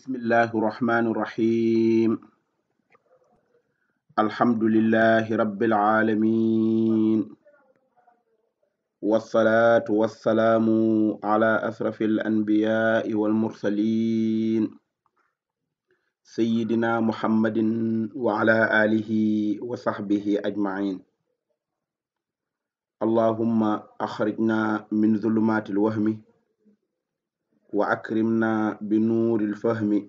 bismillahi irrahmani irrahim alhamdulilahi rabiilalamin walsalaatu walsalaamu ala asrafi alanbiyaai walmursalin sayidina muhammadin wa ala alihi wa saxbihi ajmain allahumma axrijna min zulumaati alwahmi wa akrimna bi nuuril fahmi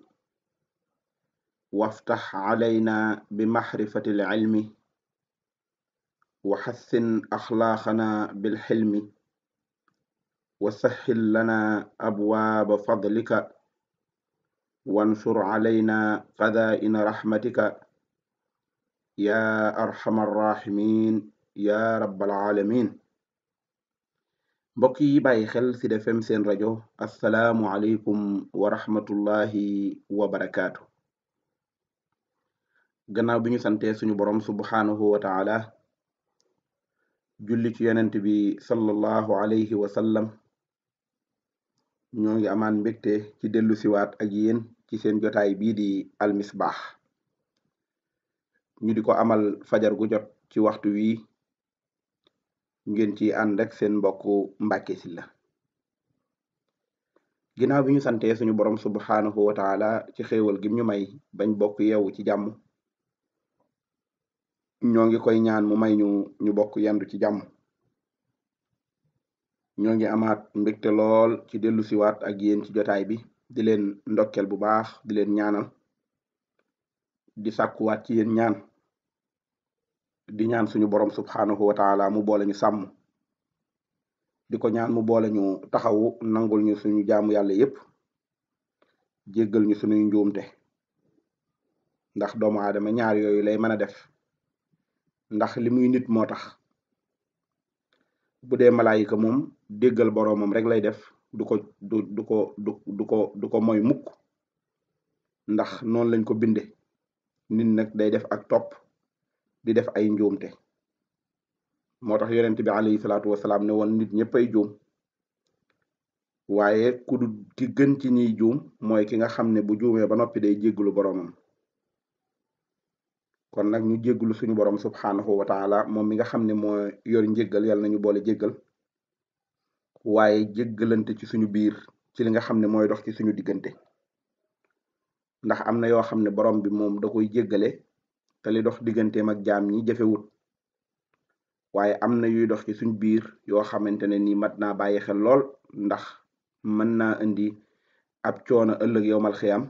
waftax calayna bi maxrifatil cilmi wa xassin axlaaqana bil xilmi wa saxxil lana abwaaba fadlika wansur calayna qadaa'ina raxmatika yaa arxamar raaximiin yaa rabbal caalamiin mbokk yi bàyyi xel ci Sud seen rajo assalaamu aleykum wa rahmatullahi wa barakaatu gannaaw bi ñu santee suñu borom subhaanahu wa taala julli ci yonent bi sallallahu alayhi wa ñoo ngi amaan mbégte ci dellu siwaat ak yéen ci seen jotaay bii di almisbaax ñu di ko amal fajar gu jot ci waxtu wii ngeen ci ànd ak seen mbokku Mbàkke Sylla ginnaaw bi ñu santee suñu borom subhaanahu wa taala ci xéewal gim ñu may bañ bokk yeewu ci jàmm ñoo ngi koy ñaan mu may ñu ñu bokk yendu ci jàmm ñoo ngi amaat mbégte lool ci dellu siwaat ak yéen ci jotaay bi di leen ndokkeel bu baax di leen ñaanal di sàkkuwaat ci yéen ñaan di ñaan suñu borom subhanahu wa taala mu boole ñu sàmm di ko ñaan mu boole ñu taxawu nangul ñu suñu jaamu yàlla yépp jéggal ñu suñuy njuumte ndax doomu aadama ñaar yooyu lay mën a def ndax li muy nit moo tax bu dee malaayika moom déggal boroomam rek lay def du ko du du ko du du ko du ko mooy mukk ndax noonu lañ ko binde nin nag day def ak topp di def ay njuumte moo tax yonent bi alayhi salaatu wasalaam ne woon nit ñëpp ay juum waaye ku du ki ci ñiy juum mooy ki nga xam ne bu juumee ba noppi day jégglu boroomam kon nag ñu jégglu suñu borom subhaanahu wa taala moom mi nga xam ne mooy yor njéggal yàlla nañu boole jéggal waaye jéggalante ci suñu biir ci li nga xam ne mooy dox ci suñu diggante ndax am na yoo xam ne borom bi moom da koy jéggale te li dox digganteem ak jaam ñi jafewut waaye am na yuy dox ci suñ biir yoo xamante ne ni mat naa bàyyi xel lool ndax mën naa indi ab coono ëllëg yowmal xiyam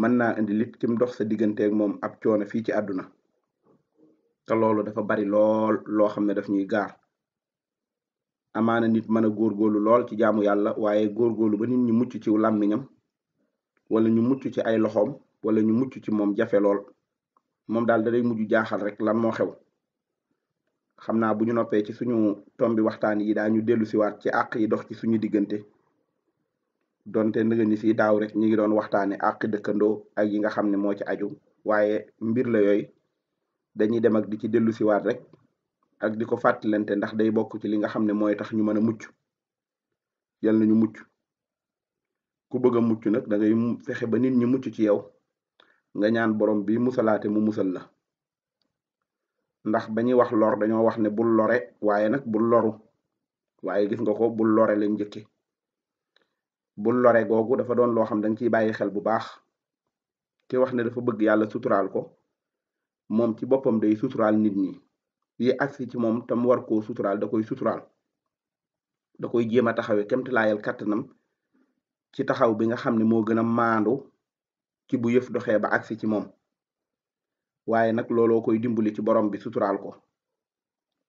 mën naa indi lit kim dox sa digganteeg moom ab coono fii ci àdduna te loolu dafa bari lool loo xam ne daf ñuy gaar amaana nit mën a góorgóorlu lool ci jaamu yàlla waaye góor góorlu ba nit ñu mucc ci làmmiñam wala ñu mucc ci ay loxoom wala ñu mucc ci moom jafe lool moom daal da lay mujj jaaxal rek lan moo xew xam naa bu ñu noppee ci suñu tombi waxtaan yi ñu dellu siwaat ci àq yi dox ci suñu diggante donte ndëga ni si daaw rek ñi ngi doon waxtaane àq dëkkandoo ak yi nga xam ne moo ci aju waaye mbir la yooyu dañuy dem ak di ci dellu rek ak di ko fàttalante ndax day bokk ci li nga xam ne mooy tax ñu mën a mucc yal nañu mucc ku bëgg a mucc nag da ngay fexe ba nit ñu mucc ci yow nga ñaan borom bi musalaate mu musal la ndax ba ñuy wax lor dañoo wax ne bul lore waaye nag bul waaye gis nga ko bul lore lañ njëkke bul lore googu dafa doon loo xam dañ ciy bàyyi xel bu baax ki wax ne dafa bëgg yàlla suturaal ko moom ci boppam day suturaal nit ñi yi agsi ci moom tam war ko suturaal da koy suturaal da koy jéem a taxawee kemtilaayal kattanam ci taxaw bi nga xam ne moo gën a maandu ci bu yëf doxee ba agsi ci moom waaye nag looloo koy dimbali ci borom bi suturaal ko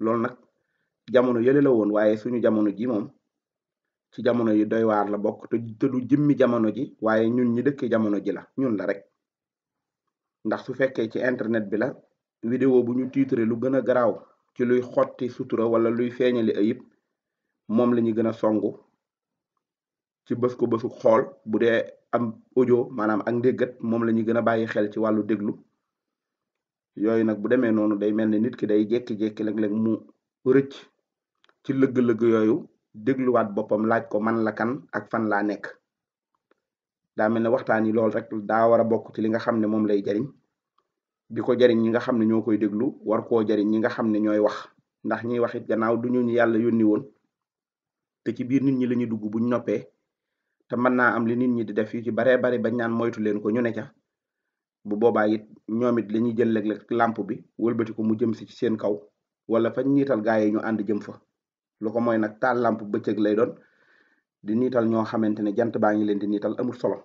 loolu nag jamono yële la woon waaye suñu jamono ji moom ci jamono yi doy la bokk te du jëmmi jamono ji waaye ñun ñi dëkkee jamono ji la ñun la rek ndax su fekkee ci internet bi la vidéo bu ñu tiitre lu gën a garaaw ci luy xotti sutura wala luy feeñali ayib moom la ñu gën a songu ci bës ko bësu xool bu dee am audio maanaam ak ndéggat moom la ñuy gën a bàyyi xel ci wàllu déglu yooyu nag bu demee noonu day mel ni nit ki day jekki-jekki léeg-léeg mu rëcc ci lëgg-lëgg yooyu dégluwaat boppam laaj ko man la kan ak fan laa nekk daa mel ne waxtaan yi loolu rek daa war a bokk ci li nga xam ne moom lay jariñ di ko jariñ ñi nga xam ne ñoo koy déglu war koo jariñ ñi nga xam ne ñooy wax ndax ñiy wax it gannaaw du ñu ñu yàlla yónni woon te ci biir nit ñi la dugg buñ noppee te mën naa am li nit ñi di def yu ci baree bari ba ñaan moytu leen ko ñu ne ca bu boobaa it ñoom it li ñuy jël léeg-léeg làmp bi wëlbati ko mu jëm si ci seen kaw wala fañ niital gaa yi ñu ànd jëm fa lu ko mooy nag taal làmp bëccëg lay doon di niital ñoo xamante ne jant baa ngi leen di niital amul solo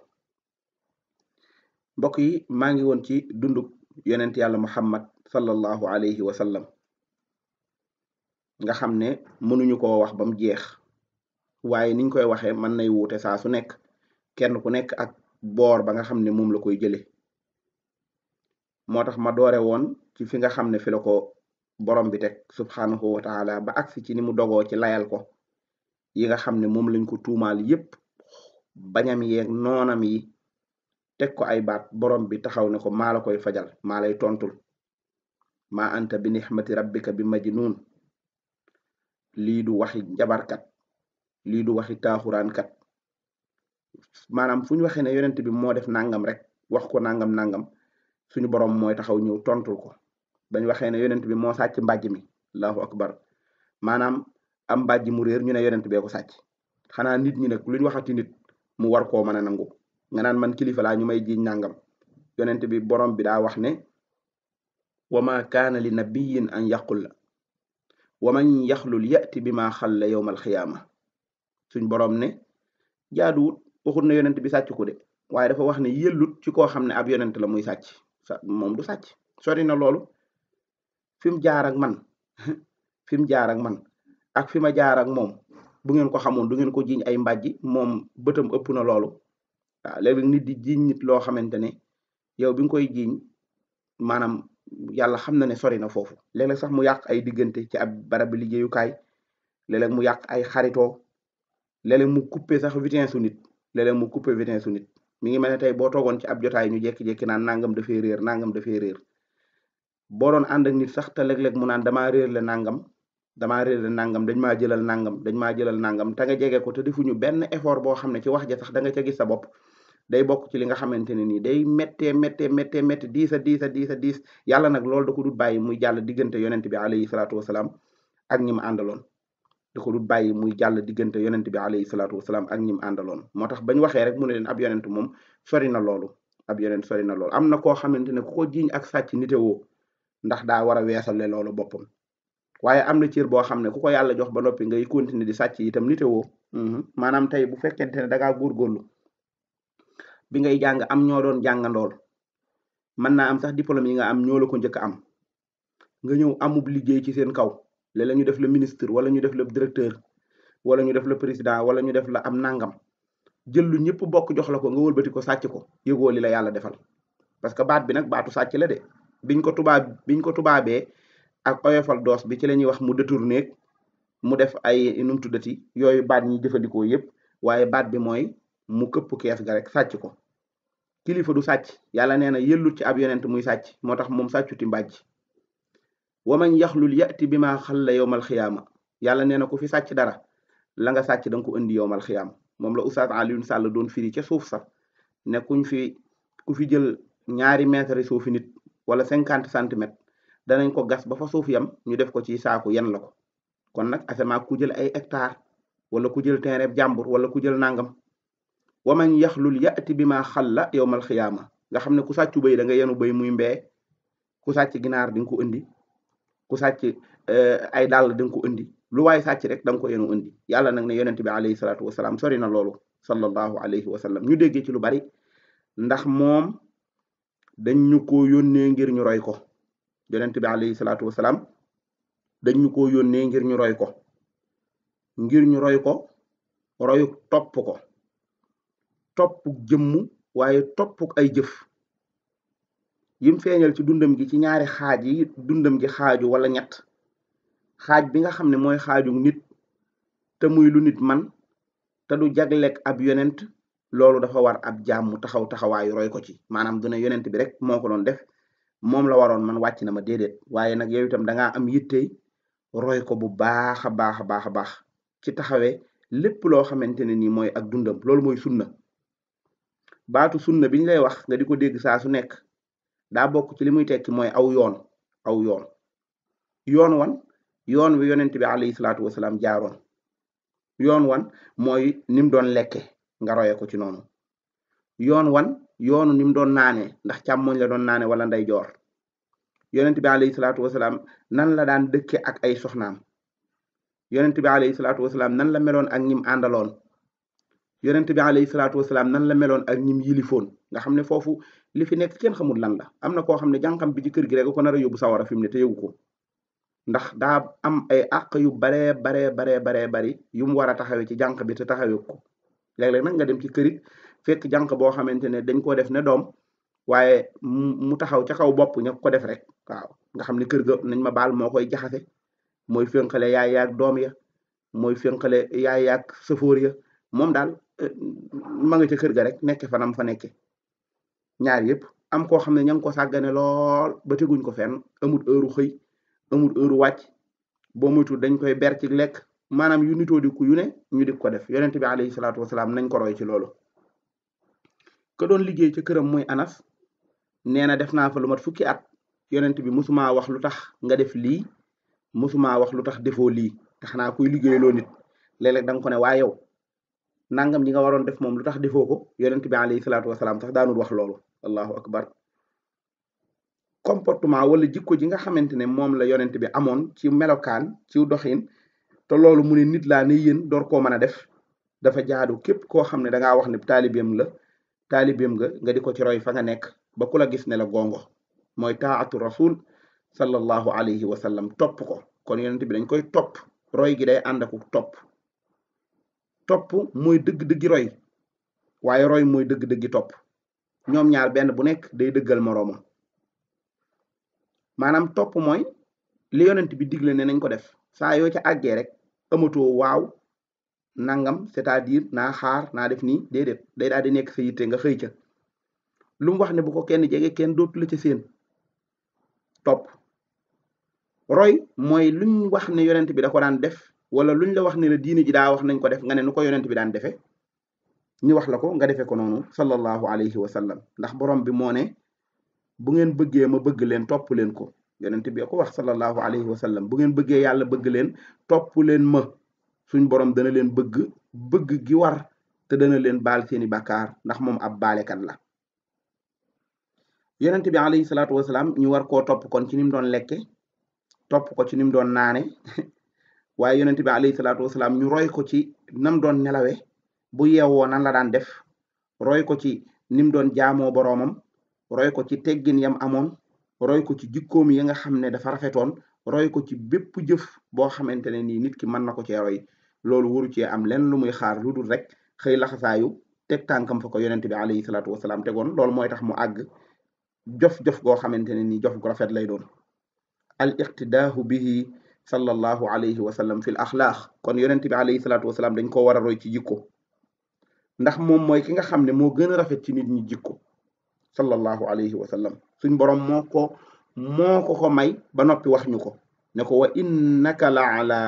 mbokk yi maa ngi woon ci dundug yonent yàlla muhammad sallallahu alayhi wa sallam nga xam ne mënuñu ko wax ba mu jeex waaye niñ koy waxee mën nay wuute saa su nekk kenn ku nekk ak boor ba nga xam ne moom la koy jële moo tax ma doore woon ci fi nga xam ne fi la ko borom bi teg subhanahu wa taala ba agsi ci ni mu dogoo ci layal ko yi nga xam ne moom lañ ko tuumaal yépp bañam yeeg noonam yi teg ko ay baat borom bi taxaw ne ko maa koy fajal maa lay tontul maa anta bi nixmati rabbika bi majnun lii du waxi jabarkat lii du waxi taaxuraan kat maanaam fu ñu waxee ne yonent bi moo def nangam rek wax ko nangam nangam suñu borom mooy taxaw ñëw tontul ko bañ waxee ne yonent bi moo sàcc mbàjj mi allahu akbar maanaam am mbàjj mu réer ñu ne yonent bee ko sàcc xanaa nit ñi nag lu ñu waxati nit mu war koo mën a nangu nga naan man kilifa laa ñu may jiiñ nangam yonent bi borom bi daa wax ne wa ma kaana li nabiyin an yaqul la wa man yaxlul yati bi maa xalla yowma alxiyaama suñ borom ne jaaduwut waxut na yonent bi sàcc ko de waaye dafa wax ne yellut ci koo xam ne ab yonent la muy sàcc moom du sàcc sori na loolu fi mu jaar man fi mu jaar ak man ak fi ma jaar moom bu ngeen ko xamoon du ngeen ko jiñ ay mbàjji moom bëtam ëpp na loolu waaw léegi nit di jiñ nit loo xamante ne yow bi nga koy jiñ maanaam yàlla xam na ne sori na foofu léeg-léeg sax mu yàq ay diggante ci ab barabi liggéeyukaay léeg mu yàq ay xaritoo léeg mu coupé sax vitesse su nit mu coupé vitesse su mi ngi mel ne tey boo toogoon ci ab jotaay ñu jékki-jékki naan nangam dafee réer nangam dafee réer boo doon ànd ak nit sax te léeg-léeg mu naan damaa réer le nangam damaa réer le nangam dañ maa jëlal nangam dañ maa jëlal nangam te nga jege ko te defuñu benn effort boo xam ne ci wax ja sax da ca gis sa bopp day bokk ci li nga xamante ne nii day méttee méttee méttee méttee diis a diis a diis a diis yàlla nag ko dul bàyyi muy jàll diggante yonent bi alayhi salaatu wasalaam ak ñi ma àndaloon di ko dul bàyyi muy jàll diggante yonent bi alayhi salaatu wasalaam ak ñim àndaloon moo tax bañ waxee rek mu ne leen ab yonent moom sori na loolu ab yonent sori na loolu am na koo xamante ne ku ko jiiñ ak sàcc nitewoo ndax daa war a weesale loolu boppam waaye am na ciir boo xam ne ku ko yàlla jox ba noppi ngay continuer di sàcc itam nitewoo mhm. maanaam tey bu fekkente ne dangaa góorgóorlu bi ngay jàng am ñoo doon jàngandool mën naa am sax diplôme yi nga am ñoo la njëkk am nga ñëw amub liggéey ci seen kaw léeg-léeg ñu def la ministre wala ñu def la directeur wala ñu def la président wala ñu def la am nangam jël lu ñëpp bokk jox la ko nga wëlbati ko sàcc ko yëgoo li la yàlla defal parce que baat bi nag baatu sàcc la de biñ ko tubaab biñ ko tubaabee ak oyofal doos bi ci la ñuy wax mu néeg mu def ay nu mu tuddati yooyu baat ñi jëfandikoo yëpp waaye baat bi mooy mu këpp kees ga rek sàcc ko kilifa du sàcc yàlla nee na yëllut ci ab yonent muy sàcc moo tax moom sàccuti mbàjj wa man yaxlul yati bi maa xalla yowmal xiyaama yàlla nee na ku fi sàcc dara la nga sàcc da nga ko indi yowmal xiyaama moom la Oustaz Alioune Sall doon firi ca suuf sax ne kuñ fi ku fi jël ñaari mètre suufi nit wala cinquante centimètres danañ ko gas ba fa suuf yam ñu def ko ci saaku yen la ko kon nag asama ku jël ay hectare wala ku jël terrain jàmbur wala ku jël nangam wa man yaxlul yati bi maa xalla yowmal xiyaama nga xam ne ku sàccu béy da nga yenu bay muy mbee ku sàcc ginaar di nga ko indi ku sàcc eh, ay dàll da nga ko indi lu waaye sàcc rek da nga ko yenu indi yàlla nag ne yonent bi alayhi salaatu wasalaam sori na loolu sallallahu alayhi wa sallam ñu déggee ci lu bari ndax moom dañ ñu ko yónnee ngir ñu roy ko yonent bi alayhi salaatu wasalaam dañ ko yónnee ngir ñu roy ko ngir ñu roy ko royu topp ko topp jëmm waaye topp ay jëf yim feeñal ci dundam gi ci ñaari xaaj yi dundam gi xaaju wala ñett xaaj bi nga xam ne mooy xaaju nit te muy lu nit man te du jagleeg ab yonent loolu dafa war ab jaam mu taxaw taxawaayu roy ko ci maanaam duna yonent bi rek moo ko doon def moom la waroon man wàcc na ma déedéet waaye nag yow itam dangaa am yittey roy ko bu baax a baax a baax a baax ci taxawee lépp loo xamante ne nii mooy ak dundam loolu mooy sunna baatu sunna bi ñu lay wax nga di ko dégg saa su nekk daa bokk ci li muy tekki mooy aw yoon aw yoon yoon wan yoon wi yonent bi alayhi salaatu wasalaam yoon wan mooy ni mu doon lekke nga roye ko ci noonu yoon wan yoon ni mu doon naane ndax càmmoñ la doon naane wala ndeyjoor yonent bi alayhi salaatu wasalaam nan la daan dëkke ak ay soxnaam yonent bi alayhi salaatu nan la meloon ak ñim àndaloon yonent bi alayhi salaatu nan la meloon ak ñim yilifoon nga xam ne foofu li fi nekk kenn xamul lan la am na koo xam ne jànqam bi ci kër gi rek ko nar a yóbbu sawara fi mu ne te yóbbu ko ndax daa am ay àq yu baree baree baree baree bari yu mu war a taxawee ci jànq bi te taxawee ko léeg-léeg nag nga dem ci kër it fekk jànq boo xamante ne dañ koo def ne doom waaye mu taxaw ca kaw bopp ña ko def rek waaw nga xam ne kër ga nañ ma baal moo koy jaxase mooy fénqale yaay yaag doom ya mooy fénqale yaay yaag sëfóor ya moom daal eh, ma nga ca kër ga rek nekk fanam fa nekke ñaar yëpp am koo xam ne ña ngi ko sàggane lool ba teguñ ko fenn amul heure xëy amul heure wàcc boo moytu dañ koy ber ci lekk maanaam yu nitoo di ku yu ne ñu di ko def yonent bi alayhi salaatu wasalaam nañ ko roy ci loolu ka doon liggéey ca këram muy anas nee na def naa fa lu mat fukki at yonent bi mosumaa wax lu tax nga def lii mosumaa wax lu tax defoo lii tax naa kuy liggéey loo nit léeg-léeg da nga ko ne waa nangam li nga waroon def moom lu tax defoo ko yonent bi alayhi salaatu wasalaam sax daanul wax loolu allahu akbar comportement wala jikko ji nga xamante ne moom la yonent bi amoon ci melokaan ci doxin te loolu mu ne nit laa ne yéen door koo mën a def dafa jaadu képp koo xam ne da wax ne taalibeem la taalibeem nga nga di ko ci roy fa nga nekk ba ku gis ne la gongo mooy taatu rasul sallallahu alayhi wa sallam topp ko kon yonent bi dañ koy topp roy gi day ànd topp topp mooy dëgg-dëggi roy waaye roy mooy dëgg-dëggi topp ñoom ñaar benn bu nekk day dëggal moroomam maanaam topp mooy li yonent bi digle ne nañ ko def saa yoo ca àggee rek amatoo waaw nangam cest à naa xaar naa def nii déedéet day daal di nekk sa yitte nga xëy ca lu mu wax ne bu ko kenn jege kenn dootula la ca topp roy mooy luñ wax ne yonent bi da ko daan def wala lu luñ la wax ne la diine ji daa wax nañ ko def nga nu ko yonent bi daan defee ñu wax la ko nga defee ko noonu sallallahu alayhi wa sallam ndax boroom bi moo ne bu ngeen bëggee ma bëgg leen topp leen ko yonent bi ko wax sallallahu alayhi wa sallam bu ngeen bëggee yàlla bëgg leen topp leen ma suñ boroom dana leen bëgg bëgg gi war te dana leen baal seeni bàkkaar ndax moom ab baalekat la yonent bi alayhi salaatu wasalaam ñu war koo topp kon ci ni mu doon lekke topp ko ci ni mu doon naane waaye yonent bi alayhi salaatu wasalaam ñu roy ko ci nam doon nelawe bu yeewoo nan la daan def roy ko ci nim doon jaamoo boroomam roy ko ci teggin yam amoon roy ko ci jikkoom ya nga xam ne dafa rafetoon roy ko ci bépp jëf boo xamante ne nii nit ki mën na ko cee roy loolu waru cee am lenn lu muy xaar lu dul rek xëy laxasaayu teg tànkam fa ko yonent bi alayhi salaatu salaam tegoon loolu mooy tax mu àgg jof-jof goo xamante ne nii jof rafet lay doon al iqtidaahu bihi sallallahu alayhi wa sallam fil axlaax kon yonent bi alayhi salaatu wasalaam dañ ko war a roy ci jikko ndax moom mooy ki nga xam ne moo gën a rafet ci nit ñi jikko sallallahu alayhi wa sallam suñ borom moo ko moo ko may ba noppi wax ñu ko ne ko wa innaka la ala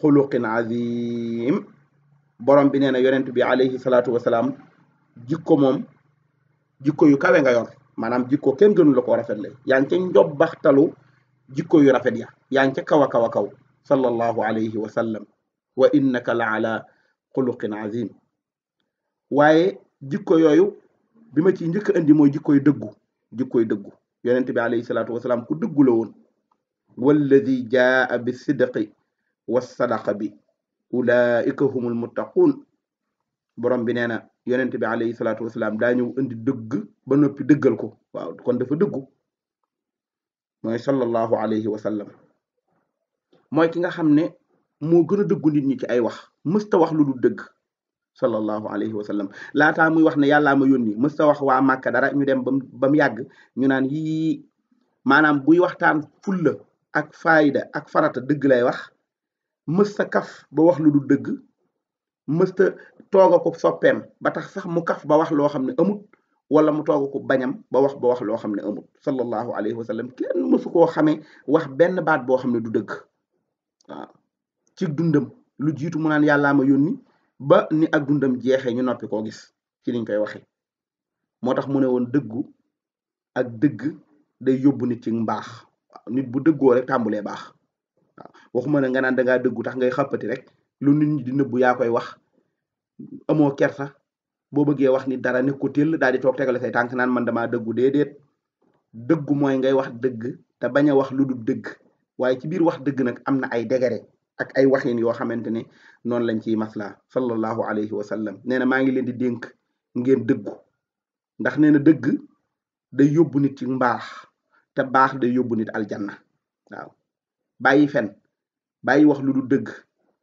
xuluqin azim borom bi nee na yonent bi alayhi salaatu wasalaam jikko moom jikko yu kawe nga yor maanaam jikko kenn gënu la ko rafet la yaa ngi ca njobbaxtalu jikko yu rafet ya yaa ngi ca kaw a kaw a kaw sallallahu alayhi wa sallam wa innaka la ala xuluqin azim waaye jikko yooyu bi ma ciy njëkk indi mooy jikkoy dëggu jikkoy dëggu yonent bi alayhi salaatu wasalaam ku dëggu la woon walladi jaa bi sidqi wa sadaqa bi ulaika humul muttaquun borom bi nee na yonent bi alayhi salaatu wasalaam daa ñëw indi dëgg ba noppi dëggal ko waaw kon dafa dëggu mooy sallallahu alayhi wa sallam mooy ki nga xam ne moo gën a dëggu nit ñi ci ay wax mësta wax lu du dëgg sallallahu alayhi wa sallam laataa muy wax ne yàllaa ma yónni mësta wax waa Màkka dara ñu dem bam ba mu yàgg ñu naan yii maanaam buy waxtaan fulla ak faayda ak farata dëgg lay wax mësta kas ba wax lu du dëgg mësta tooga ko soppeem ba tax sax mu kaf ba wax loo xam ne amut wala mu toog ko bañam ba wax ba wax loo xam ne amul sallallahu alayhi wa sallam kenn mësu koo xamee wax benn baat boo xam ne du dëgg waaw ci dundam lu jiitu mu naan yàllaa ma yónni ba ni ak dundam jeexee ñu noppi koo gis ci liñ koy waxee moo tax mu ne woon dëggu ak dëgg day yóbbu nit ci mbaax nit bu dëggoo rek tàmbulee baax waaw waxuma ne nga naan da dëggu tax ngay xàppati rek lu nit ñi di nëbbu yaa koy wax amoo kersa boo bëggee wax ni dara ne ko till daal di toog tegale say tànk naan man damaa dëggu déedéet dëggu mooy ngay wax dëgg te bañ a wax lu dul dëgg waaye ci biir wax dëgg nag am na ay degere ak ay waxin yoo xamante ne noonu lañ ciy maslaa sallallahu alayhi wa sallam nee na maa ngi leen di dënk ngeen dëggu ndax nena dëgg day yóbbu nit ci mbaax te baax day yóbbu nit aljanna waaw bàyyi fen bàyyi wax lu du dëgg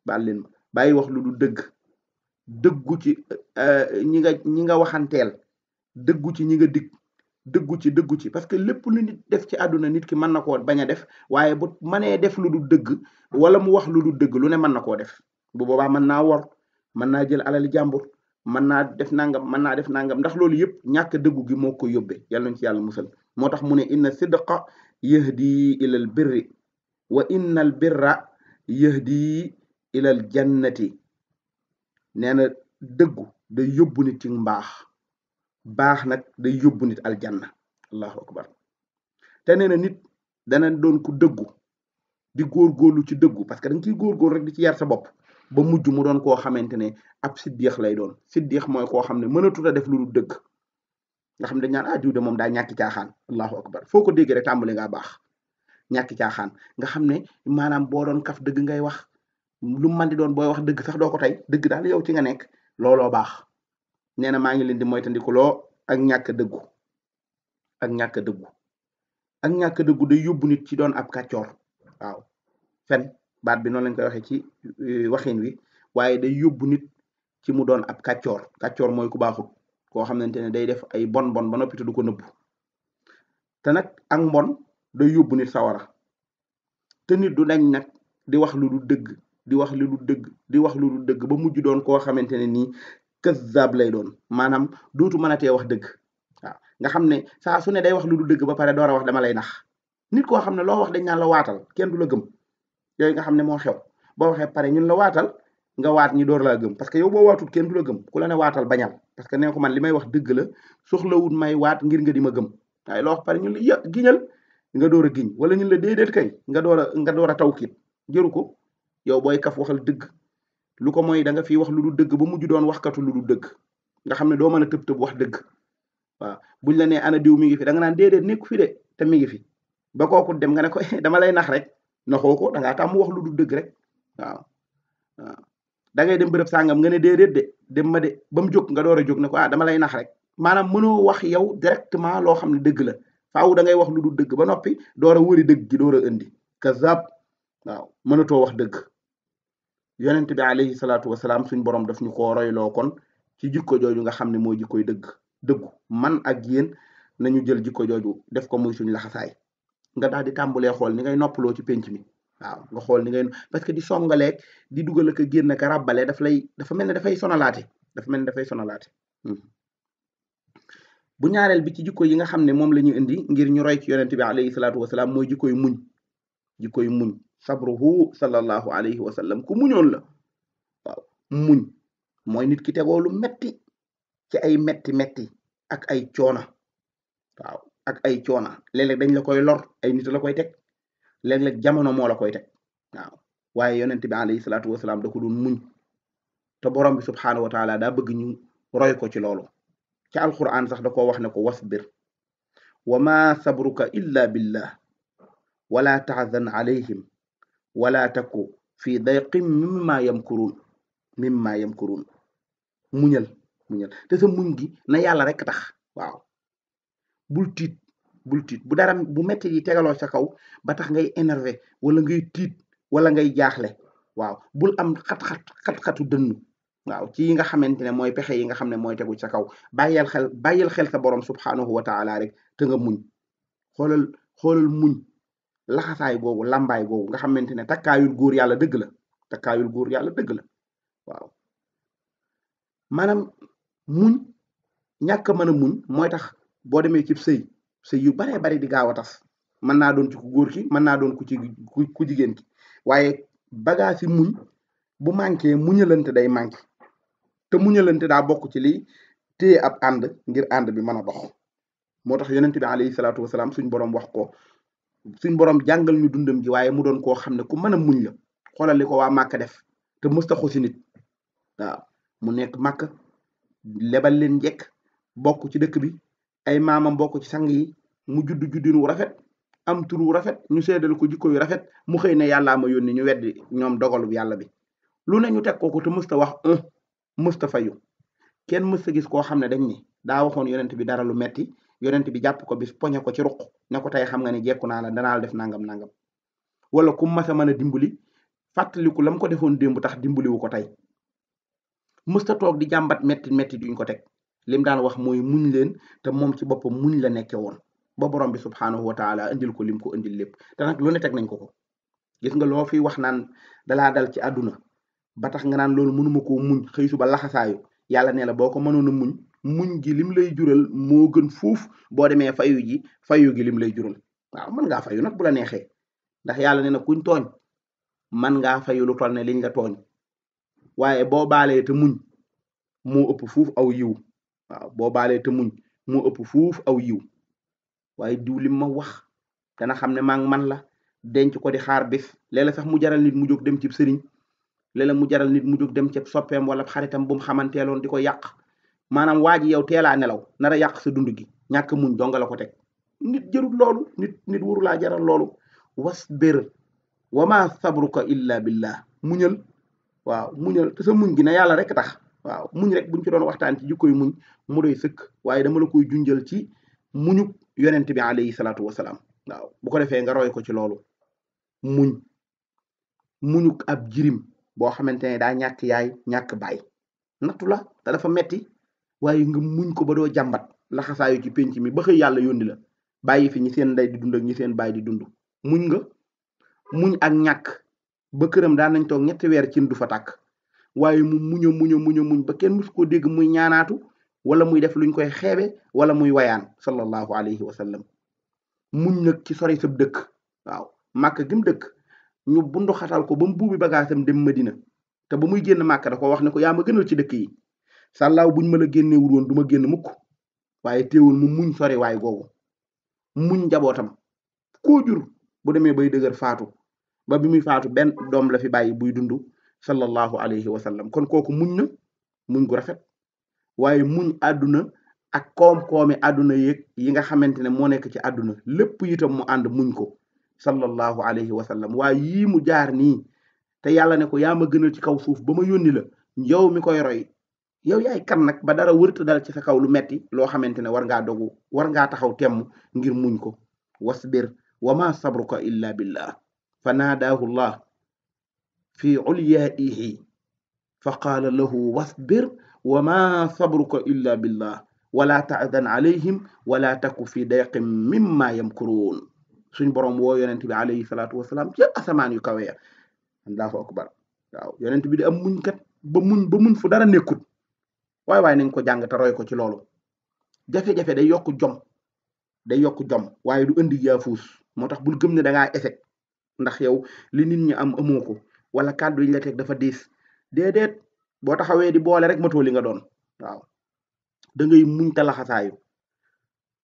baal leen ma bàyyi wax lu du dëgg dëggu ci euh, ñi nga ñi nga waxanteel dëggu ci ñi nga dig dëggu ci dëggu ci parce que lépp lu nit def ci àdduna nit ki mën na koo bañ a def waaye bu mënee def lu du dëgg wala mu wax lu du dëgg lu ne mën na koo def bu boobaa mën naa wor mën naa jël alali jàmbur mën naa def nangam mën naa def nangam ndax loolu yëpp ñàkk dëggu gi moo ko yóbbee yàlla nañ ci yàlla musal moo tax mu ne inna sidqa yahdi ilal birri wa inna al birra yahdi ilal jannati nee na dëggu day yóbbu nit ci mbaax baax nag day yóbbu nit aljanna allahu akbar te nee na nit dana doon ku dëggu di góorgóorlu ci dëggu parce que da nga ciy góorgóorlu rek di ci yar sa bopp ba mujj mu doon koo xamante ne ab siddiix lay doon siddiix mooy koo xam ne mënatut a def lu dul dëgg nga xam ne ñaan ah diw de moom daa ñàkki caaxaan allahu akbar foo ko déggee rek tàmbali ngaa baax ñàkki caaxaan nga xam ne maanaam boo doon kaf dëgg ngay wax lu mën di doon booy wax dëgg sax doo ko tey dëgg daal yow ci nga nekk looloo baax nee na maa ngi leen di moytandikuloo ak ñàkk dëggu ak ñàkk dëggu ak ñàkk dëggu yóbbu nit ci doon ab kàccoor waaw fen baat bi noonu lañ koy waxee ci euh, waxin wi waaye day yóbbu nit ci mu doon ab kàccoor kàccoor mooy ku baaxut koo xamante ne day def ay bon bon ba noppi te du ko nëbbu te nag ak mbon day yóbbu nit sawara te nit du dañ nag di wax lu du dëgg di wax lu du dëgg di wax lu lu dëgg ba mujj doon koo xamante ne nii kazzab lay doon maanaam dootu mën a tee wax dëgg waaw nga xam ne saa su ne day wax lu du dëgg ba pare door a wax dama lay nax nit koo xam ne loo wax dañ naan la waatal kenn du la gëm yooyu nga xam ne moo xew boo waxee pare ñun la waatal nga waat ñi door laa gëm parce que yow boo waatut kenn du la gëm ku la ne waatal bañal parce que nee ko man li may wax dëgg la soxlawut may waat ngir nga di ma gëm waaye loo ñun la giñal nga door a giñ wala ñun la déedéet kay nga door nga door a tawkiit jëru ko yow booy kaf waxal dëgg lu ko mooy da nga fiy wax lu du dëgg ba mujj doon waxkatu lu du dëgg nga xam ne doo mën a tëb tëb wax dëgg waaw buñ la nee ana diw mi ngi fi danga naan déedéet nekku fi de te mi ngi fi ba kooku dem nga ne koy dama lay nax rek naxoo ko da ngaa wax lu du dëgg rek waaw da ngay dem bërëb sàngam nga ne déedéet de dem ma de ba mu jóg nga door a jóg ne ko a ah, dama lay nax rek maanaam mënoo wax yow directement loo xam ne dëgg la faaw da ngay wax lu du dëgg ba noppi door a wëri dëgg gi door a indi kazab waaw mënatoo wax dëgg yonent bi alayhi salaatu wasalaam suñ borom daf ñu ko royloo kon ci jikko jooju nga xam ne mooy jikkoy dëgg dëggu man ak yéen nañu jël jikko jooju def ko muy suñ laxasaay nga daal di tàmbulee xool ni ngay noppaloo ci penc mi waaw nga xool ni ngay parce que di songaleeg di dugal ak a génn ak a ràbbale daf lay dafa mel ne dafay sonalaate dafa mel ne dafay sonalaate hmm. bu ñaareel bi ci jikko yi nga xam ne moom la ñu indi ngir ñu roy ci yonent bi alayhi salaatu wasalaam mooy jikkoy muñ jikkoy muñ sabruhu sallallahu alayhi wa sallam ku muñoon la waaw muñ nit ki tegoo metti ci ay metti metti ak ay coona waaw ak ay coona léeg dañ la koy lor ay nit la koy teg léeg-léeg jamono moo la koy teg waaw waaye ti bi alayhi salaatu wasalaam da ko doon muñ te borom bi subxanahu wa taala daa bëgg ñu roy ko ci loolu ca alquran sax da koo wax ne ko wasbir wa ma sabruka illa billah wala taxzan alayhim wala takku fii dayqin mimma yamkurun mimma yamkurun muñal muñal te sa muñ gi na yàlla rek tax waaw bul tiit bul tiit bu dara bu metti yi tegaloo sa kaw ba tax ngay énervé wala ngay tiit wala ngay jaaxle waaw bul am xat-xat xat-xatu dënnu waaw ci yi nga xamante ne mooy pexe yi nga xam ne mooy tegu sa kaw bàyyil xel bàyyil xel sa borom subhanahu wa taala rek te nga xoolal xoolal laxasaay googu lambaay googu nga xamante ne takkaayul góor yàlla dëgg la góor yàlla dëgg la waaw maanaam muñ ñàkk a mën muñ mooy tax boo demee ci sëy sëy yu bare bari di gaaw a tas mën naa doon ci ku góor ki mën naa doon ku ci ku jigéen ki waaye bagage yi muñ bu manqué muñalante day manqué te muñalante daa bokk ci lii téye ab ànd ngir ànd bi mën a dox moo tax yonent bi alayhi salaatu wasalaam suñ borom wax ko suñ borom jàngal ñu dundam ji waaye mu doon koo xam ne ku man a muñ la xoolal ko waa màkk def te mësta xusi nit waaw mu nekk màkk lebal leen njekk bokk ci dëkk bi ay maamam bokk ci sang yi mu juddu juddin wu rafet am tur wu rafet ñu seddal ko jikko yu rafet mu xëy ne yàllaa ma yónni ñu weddi ñoom dogalu yàlla bi lu ne ñu teg ko te mësta wax un mësta fayu kenn mësta gis koo xam ne dañ ni daa waxoon yonent bi dara lu metti yonent bi jàpp ko bis poñe ko ci ruq ne ko tey xam nga ne jekku naa la danaa def nangam nangam wala ku mas a mën a dimbali fàttaliku la mu ko defoon démb tax dimbaliwu ko tey mësta toog di jàmbat metti metti duñ ko teg lim daan wax mooy muñ leen te moom ci boppam muñ la nekke woon ba borom bi subhaanahu wa taala indil ko lim ko indil lépp te nag lu ne teg nañ ko ko gis nga loo fi wax naan dalaa dal ci àdduna ba tax nga naan loolu mënuma koo muñ xëy suba laxasaayu yàlla ne la muñ gi lim lay jural moo gën fuuf boo demee fayu ji fayu gi lim lay jural waaw mën ngaa fayu nag bu la neexee ndax yàlla ne na kuñ tooñ man ngaa fayu lu toll ne liñ la tooñ waaye boo baalee te muñ moo ëpp fuuf aw yiw waaw boo baalee te muñ moo ëpp fuuf aw yiw waaye diw lim ma wax dana xam ne maa ngi man la denc ko di xaar bis léeg sax mu jaral nit mu jóg dem cib sëriñ léeg mu jaral nit mu jóg dem cib soppeem wala xaritam bu mu xamanteeloon di ko yàq maanaam waa ji yow teelaa nelaw nar yàq sa dund gi ñàkk muñ donga la ko teg nit jërut loolu nit nit warulaa jaral loolu was wasbir wama sabruka illa billah muñal waaw muñal te sa muñ gi na yàlla rek tax waaw muñ rek buñ ci doon waxtaan ci jikkoy muñ mu doy sëkk waaye dama la koy junjal ci muñu yonent bi alayhi salaatu wasalaam waaw bu ko defee nga roy ko ci loolu muñ muñu ab jirim boo xamante ne daa ñàkk yaay ñàkk baay nattu la te dafa metti waaye nga muñ ko ba doo jàmbat laxasaayu ci penc mi ba xëy yàlla yónni la bàyyi fi ñi seen ndey di dund ak ñi seen baay di dund muñ nga muñ ak ñàkk ba këram daan nañ toog ñetti weer cin du fa tàkk waaye mu muña muña muña muñ ba kenn musu koo dégg muy ñaanaatu wala muy def luñ koy xeebe wala muy wayaan sallallahu alayhi wa sallam muñ nag ci sori sab dëkk waaw màkk gi mu dëkk ñu bundu xatal ko ba mu buubi bagaasam dem madina te ba muy génn màkk da ko wax ne ko yaa ma gënal ci dëkk yi sàllaaw buñ ma la génnewul woon du ma génn mukk waaye teewul mu muñ sori waay googu muñ njabootam koo jur bu demee bay dëgër faatu ba bi muy faatu benn doom la fi bàyyi buy dund sallallahu alayhi wa kon kooku muñ na muñ ko rafet waaye muñ àdduna ak koom-koomi àdduna yeeg yi nga xamante ne moo nekk ci àdduna lépp itam mu ànd muñ ko sallallahu alayhi wa sallam waaye yii mu jaar nii te yàlla ne ko yaa ma gënal ci kaw suuf ba ma yónni la njaw mi koy yow yaay kan nag ba dara wërta dal ci sa kaw lu metti loo xamante ne war ngaa dogu war ngaa taxaw temm ngir muñ ko wasbir wa ma sabruka illa billah fa naadaahu llah fi ulyaihi fa qaala lahu wasbir wa ma sabruka illa billah wala tadan alayhim wala taku fi dayqin mimma yamkuruun suñ borom woo yonent bi alayhi salaatu wasalaam ci asamaan yu kawe ya allahu akbar waaw bi di am muñ ba muñ fu dara nekkut waaye waaye nañ ko jàng te roy ko ci loolu jafe-jafe day yokk jom day yokk jom waaye du indi yaafuus moo tax bul gëm ne da ngaa échec ndax yow li nit ñi am amoo wala kàddu yi la dafa diis déedéet boo taxawee di boole rek matoo li nga doon waaw da ta laxasaayu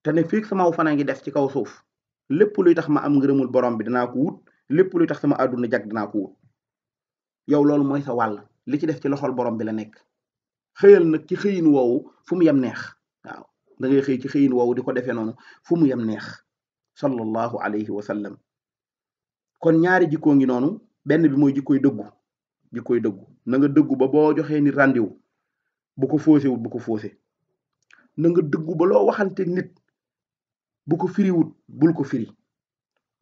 te ne fii sama fan a ngi def ci kaw suuf lépp luy tax ma am ngërëmul borom bi dinaa ko wut lépp luy tax sama àdduna jag dinaa ko wut yow loolu mooy sa wàll li ci def ci loxol borom bi la nekk. xëyal nag ci xëyin woowu fu mu yem neex waaw da ngay xëy ci xëyin woowu di ko defee noonu fu mu yem neex sallallahu alayhi wa sallam kon ñaari jikkoo ngi noonu benn bi mooy jikkoy dëggu jikkoy dëggu na nga dëggu ba boo joxee ni rendez bu ko foosewut bu ko foose na nga dëggu ba loo nit bu ko firiwut bul ko firi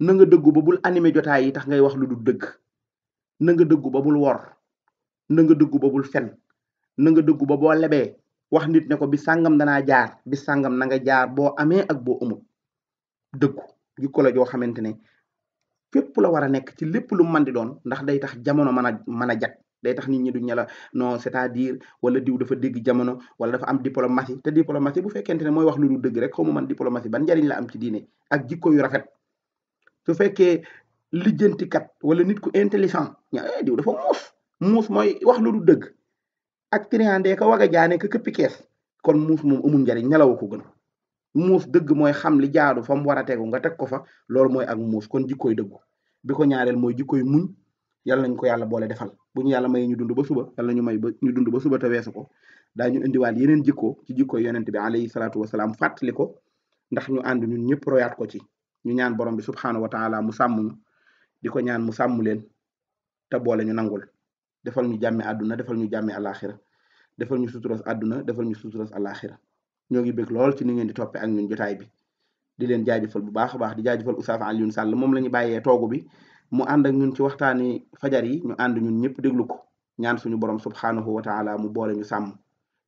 na nga dëggu ba bul animé jotaay yi tax ngay wax lu du dëgg na nga dëggu ba bul wor na nga dëggu ba bul fen na nga dëggu ba boo lebee wax nit ne ko bi sàngam danaa jaar bi sàngam na nga jaar boo amee ak boo amul dëggu jikko la joo xamante ne fépp la war a nekk ci lépp lu mën di doon ndax day tax jamono mën a mën a jag day tax nit ñi duñ ne la non c'est-à-dire wala diw dafa dégg jamono wala dafa am diplomatie te diplomatie bu fekkente ne mooy wax lu dul dëgg rek xaw ma man diplomatie ban njariñ la am ci diine ak jikko yu rafet su fekkee lijjantikat wala nit ku intelligent ña eh, diw dafa muus mooy wax lu dul dëgg ak triandee ka waga jaane ka këppi kees kon muus moom amul njariñ nelaw ko gën muus dëgg mooy xam li jaadu fa mu war a tegu nga teg ko fa loolu mooy ak muus kon jikkooy dëggu bi ko ñaareel mooy jikkooy muñ yàlla nañ ko yàlla boole defal bu ñu yàlla may ñu dund ba suba yàlla ñu may ba ñu dund ba suba te weesu ko daañu indiwaat yeneen jikkoo ci jikkooy yonent bi alayhi salaatu wasalaam fàttali ko ndax ñu ànd ñun ñëpp royaat ko ci ñu ñaan borom bi subhaanahu wa taala mu sàmm ñu di ko ñaan mu sàmmu leen te boole ñu nangul defal ñu jàmmi àdduna defal ñu jàmmi alaxira defal ñu suturas àdduna defal ñu suturas alaxira ñoo ngi bég lool ci ni ngeen di toppe ak ñun jotaay bi di leen jaajëfal bu baax a baax di jaajëfal Oustaz Alioune Sall moom la ñu bàyyee toogu bi mu ànd ak ñun ci waxtaani fajar yi ñu ànd ñun ñëpp déglu ko ñaan suñu borom subhanahu wa taala mu boole ñu sàmm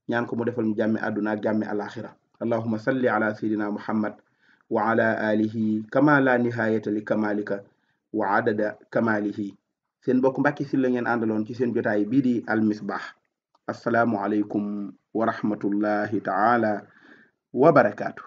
ñaan ko mu defal ñu jàmmi àdduna ak jàmme alaxira allahuma salli ala sayidina muhammad wa ala alihi kama la nihayata li kamalika wa adada kamalihi seen bokk si Sylla ngeen àndaloon ci seen jotaay bii di Al Misbah asalaamualeykum wa rahmatullahi taala wa barakaatu